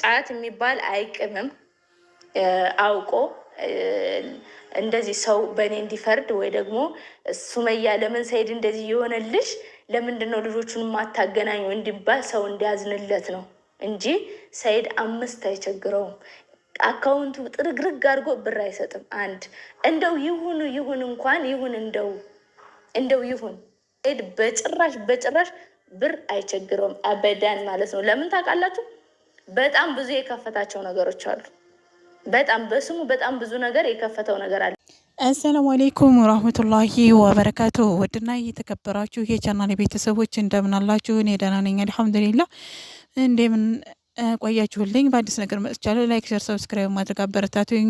ጫት የሚባል አይቅምም አውቆ እንደዚህ ሰው በእኔ እንዲፈርድ ወይ ደግሞ ሱመያ ለምን ሰይድ እንደዚህ የሆነልሽ ለምንድነው ልጆቹን የማታገናኙ እንዲባል ሰው እንዲያዝንለት ነው እንጂ ሰይድ አምስት አይቸግረውም። አካውንቱ ጥርግርግ አድርጎ ብር አይሰጥም። አንድ እንደው ይሁኑ ይሁን እንኳን ይሁን እንደው እንደው ይሁን ሰይድ በጭራሽ በጭራሽ ብር አይቸግረውም። አበዳን ማለት ነው። ለምን ታውቃላችሁ? በጣም ብዙ የከፈታቸው ነገሮች አሉ። በጣም በስሙ በጣም ብዙ ነገር የከፈተው ነገር አለ። አሰላሙ አሌይኩም ወራህመቱላሂ ወበረካቱ። ውድና የተከበራችሁ የቻናል ቤተሰቦች እንደምን አላችሁ? እኔ ደህና ነኝ አልሐምዱሊላ። እንደምን ቆያችሁልኝ። በአዲስ ነገር መጥቻለሁ። ላይክ፣ ሸር፣ ሰብስክራይብ ማድረግ አበረታቱኝ።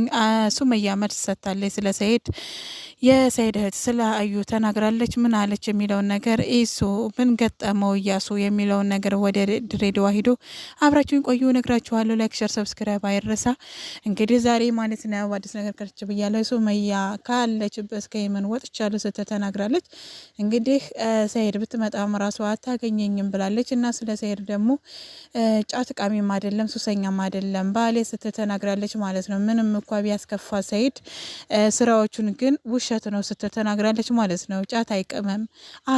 ሱመያ መልስ ሰጥታለች። ስለ ሰኢድ የሰኢድ እህት ስለ አዩ ተናግራለች። ምን አለች የሚለውን ነገር ኢሱ ምን ገጠመው እያሱ የሚለውን ነገር ወደ ድሬዳዋ ሂዶ አብራችሁኝ ቆዩ፣ ነግራችኋለሁ። ላይክ፣ ሸር፣ ሰብስክራይብ አይረሳ። እንግዲህ ዛሬ ማለት ነው በአዲስ ነገር ከርች ብያለሁ። ሱመያ ካለችበት ከየመን ወጥቻለሁ ስትል ተናግራለች። እንግዲህ ሰኢድ ብትመጣም ራሱ አታገኘኝም ብላለች እና ስለ ሰኢድ ደግሞ ጫት ቃሚ ተጠቃሚም አይደለም ሱሰኛም አይደለም ባሌ ስትል ተናግራለች ማለት ነው። ምንም እንኳ ቢያስከፋ ሰይድ ስራዎቹን ግን ውሸት ነው ስትል ተናግራለች ማለት ነው። ጫት አይቅምም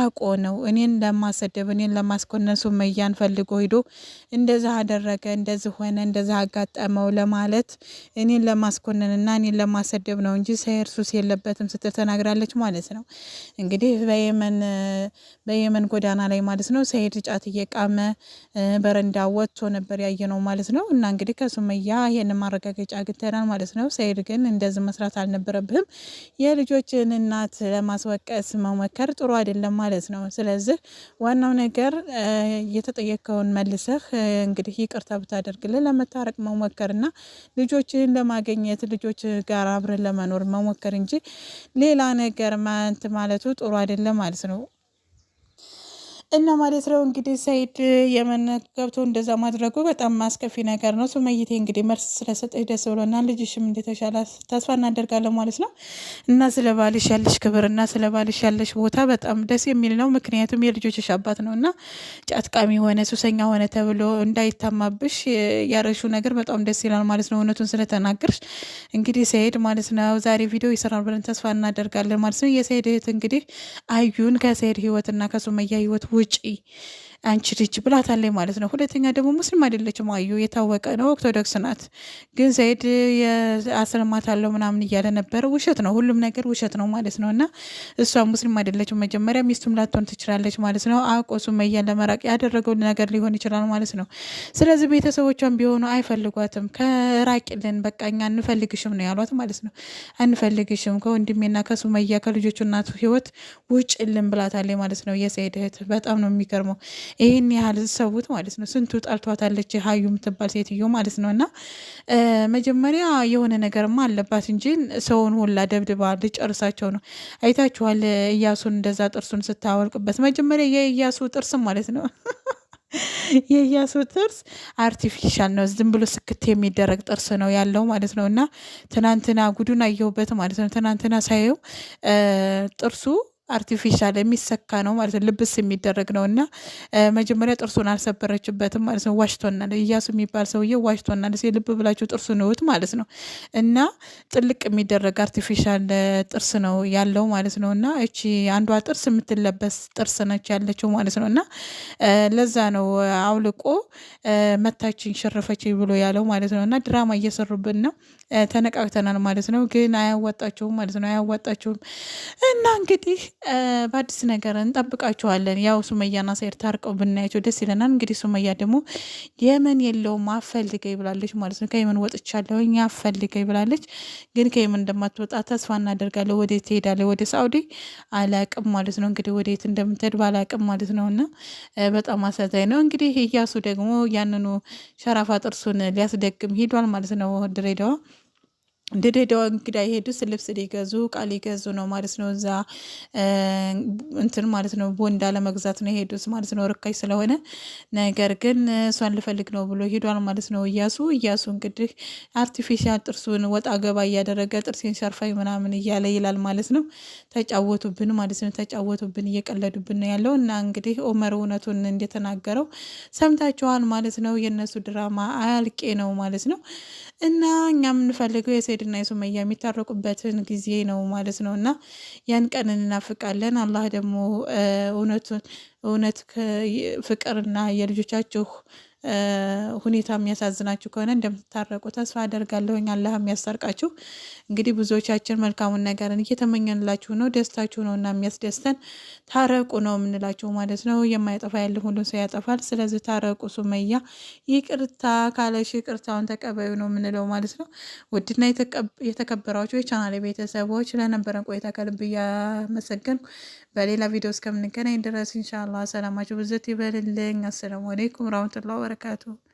አቆ ነው እኔን ለማሰደብ እኔን ለማስኮነሱ መያን ፈልጎ ሂዶ እንደዛ አደረገ እንደዚህ ሆነ እንደዛ አጋጠመው ለማለት እኔን ለማስኮነንና እኔን ለማሰደብ ነው እንጂ ሰይድ ሱስ የለበትም ስትል ተናግራለች ማለት ነው። እንግዲህ በየመን በየመን ጎዳና ላይ ማለት ነው ሰይድ ጫት እየቃመ በረንዳ ወጥቶ ነበር እያየ ነው ማለት ነው። እና እንግዲህ ከሱመያ ይህን ማረጋገጫ አግኝተናል ማለት ነው። ሰኢድ ግን እንደዚህ መስራት አልነበረብህም፣ የልጆችን እናት ለማስወቀስ መሞከር ጥሩ አይደለም ማለት ነው። ስለዚህ ዋናው ነገር የተጠየቀውን መልሰህ እንግዲህ ይቅርታ ብታደርግልን ለመታረቅ መሞከርና ልጆችን ለማገኘት ልጆች ጋር አብረን ለመኖር መሞከር እንጂ ሌላ ነገር ማንት ማለቱ ጥሩ አይደለም ማለት ነው። እና ማለት ነው እንግዲህ ሰይድ የመን ገብቶ እንደዛ ማድረጉ በጣም አስከፊ ነገር ነው። ሱመይቴ እንግዲህ መርስ ስለሰጠች ደስ ብሎና ልጅሽም እንደተሻለ ተስፋ እናደርጋለን ማለት ነው። እና ስለ ባልሽ ያለሽ ክብር እና ስለ ባልሽ ያለሽ ቦታ በጣም ደስ የሚል ነው። ምክንያቱም የልጆችሽ አባት ነው እና ጫትቃሚ ሆነ ሱሰኛ ሆነ ተብሎ እንዳይታማብሽ ያረሹ ነገር በጣም ደስ ይላል ማለት ነው። እውነቱን ስለተናገርሽ እንግዲህ ሰይድ ማለት ነው ዛሬ ቪዲዮ ይሰራል ብለን ተስፋ እናደርጋለን ማለት ነው። የሰኢድ እህት እንግዲህ አዩን ከሰኢድ ህይወትና ከሱመያ ህይወት ውጪ አንቺ ልጅ ብላታለች ማለት ነው። ሁለተኛ ደግሞ ሙስሊም አይደለችም አዩ የታወቀ ነው፣ ኦርቶዶክስ ናት። ግን ዘይድ አስልማታለሁ ምናምን እያለ ነበረ። ውሸት ነው፣ ሁሉም ነገር ውሸት ነው ማለት ነው። እና እሷ ሙስሊም አይደለችም መጀመሪያ፣ ሚስቱም ላትሆን ትችላለች ማለት ነው። አውቆ ሱመያን ለመራቅ ያደረገው ነገር ሊሆን ይችላል ማለት ነው። ስለዚህ ቤተሰቦቿን ቢሆኑ አይፈልጓትም። ከራቂልን በቃ እኛ አንፈልግሽም ነው ያሏት ማለት ነው። አንፈልግሽም ከወንድሜና ከሱመያ ከልጆቹ እናቱ ህይወት ውጭልን ብላታለች ማለት ነው። የሰይድ እህት በጣም ነው የሚገርመው። ይህን ያህል ሰውት ማለት ነው። ስንቱ ጠልቷታለች ሀዩ የምትባል ሴትዮ ማለት ነው። እና መጀመሪያ የሆነ ነገርማ አለባት እንጂ ሰውን ሁላ ደብድባ ልጨርሳቸው ነው። አይታችኋል እያሱን እንደዛ ጥርሱን ስታወልቅበት መጀመሪያ የእያሱ ጥርስም ማለት ነው የእያሱ ጥርስ አርቲፊሻል ነው። ዝም ብሎ ስክት የሚደረግ ጥርስ ነው ያለው ማለት ነው። እና ትናንትና ጉዱን አየሁበት ማለት ነው። ትናንትና ሳየው ጥርሱ አርቲፊሻል የሚሰካ ነው ማለት ነው፣ ልብስ የሚደረግ ነው እና መጀመሪያ ጥርሱን አልሰበረችበትም ማለት ነው። ዋሽቶናል፣ እያሱ የሚባል ሰውዬ ዋሽቶናል። ሲ ልብ ብላችሁ ጥርሱን እዩት ማለት ነው። እና ጥልቅ የሚደረግ አርቲፊሻል ጥርስ ነው ያለው ማለት ነው። እና እቺ አንዷ ጥርስ የምትለበስ ጥርስ ነች ያለችው ማለት ነው። እና ለዛ ነው አውልቆ መታችን ሸርፈች ብሎ ያለው ማለት ነው። እና ድራማ እየሰሩብን ነው፣ ተነቃቅተናል ማለት ነው። ግን አያወጣቸውም ማለት ነው፣ አያወጣቸውም እና እንግዲህ በአዲስ ነገር እንጠብቃችኋለን። ያው ሱመያና ሰኢድ ታርቀው ብናያቸው ደስ ይለናል። እንግዲህ ሱመያ ደግሞ የመን የለውም አፈልገኝ ብላለች ማለት ነው። ከየመን ወጥቻለሁ አፈልገኝ ብላለች። ግን ከየመን እንደማትወጣ ተስፋ እናደርጋለሁ። ወዴት ትሄዳለች? ወደ ሳውዲ አላቅም ማለት ነው። እንግዲህ ወዴት እንደምትሄድ ባላቅም ማለት ነው። እና በጣም አሳዛኝ ነው። እንግዲህ እያሱ ደግሞ ያንኑ ሸራፋ ጥርሱን ሊያስደግም ሂዷል ማለት ነው ድሬዳዋ ድሬዳዋ እንግዳ የሄዱ ልብስ ሊገዙ ቃል ሊገዙ ነው ማለት ነው። እዛ እንትን ማለት ነው ቦንዳ ለመግዛት ነው የሄዱት ማለት ነው፣ ርካሽ ስለሆነ ነገር ግን እሷን ልፈልግ ነው ብሎ ሄዷል ማለት ነው። እያሱ እያሱ እንግዲህ አርቲፊሻል ጥርሱን ወጣ ገባ እያደረገ ጥርሴን ሸርፋይ ምናምን እያለ ይላል ማለት ነው። ተጫወቱብን ማለት ነው፣ ተጫወቱብን እየቀለዱብን ነው ያለው እና እንግዲህ ኦመር እውነቱን እንደተናገረው ሰምታችኋል ማለት ነው። የእነሱ ድራማ አያልቄ ነው ማለት ነው። እና እኛ የምንፈልገው የሰይድና የሱመያ የሚታረቁበትን ጊዜ ነው ማለት ነው። እና ያን ቀን እንናፍቃለን። አላህ ደግሞ እውነት ፍቅርና የልጆቻችሁ ሁኔታ የሚያሳዝናችሁ ከሆነ እንደምትታረቁ ተስፋ አደርጋለሁኝ። አላህ የሚያስታርቃችሁ። እንግዲህ ብዙዎቻችን መልካሙን ነገርን እየተመኘንላችሁ ነው። ደስታችሁ ነው እና የሚያስደስተን ታረቁ ነው የምንላችሁ ማለት ነው። የማይጠፋ ያለ ሁሉ ሰው ያጠፋል። ስለዚህ ታረቁ። ሱመያ ይቅርታ ካለሽ ይቅርታውን ተቀበዩ ነው የምንለው ማለት ነው። ውድና የተከበራችሁ የቻናል ቤተሰቦች ለነበረን ቆይታ ከልብ እያመሰገንኩ በሌላ ቪዲዮ እስከምንገናኝ ድረስ ኢንሻላህ ሰላማችሁ ብዝት ይበልልኝ። አሰላሙ አሌይኩም ራህመቱላህ wabarakatuh.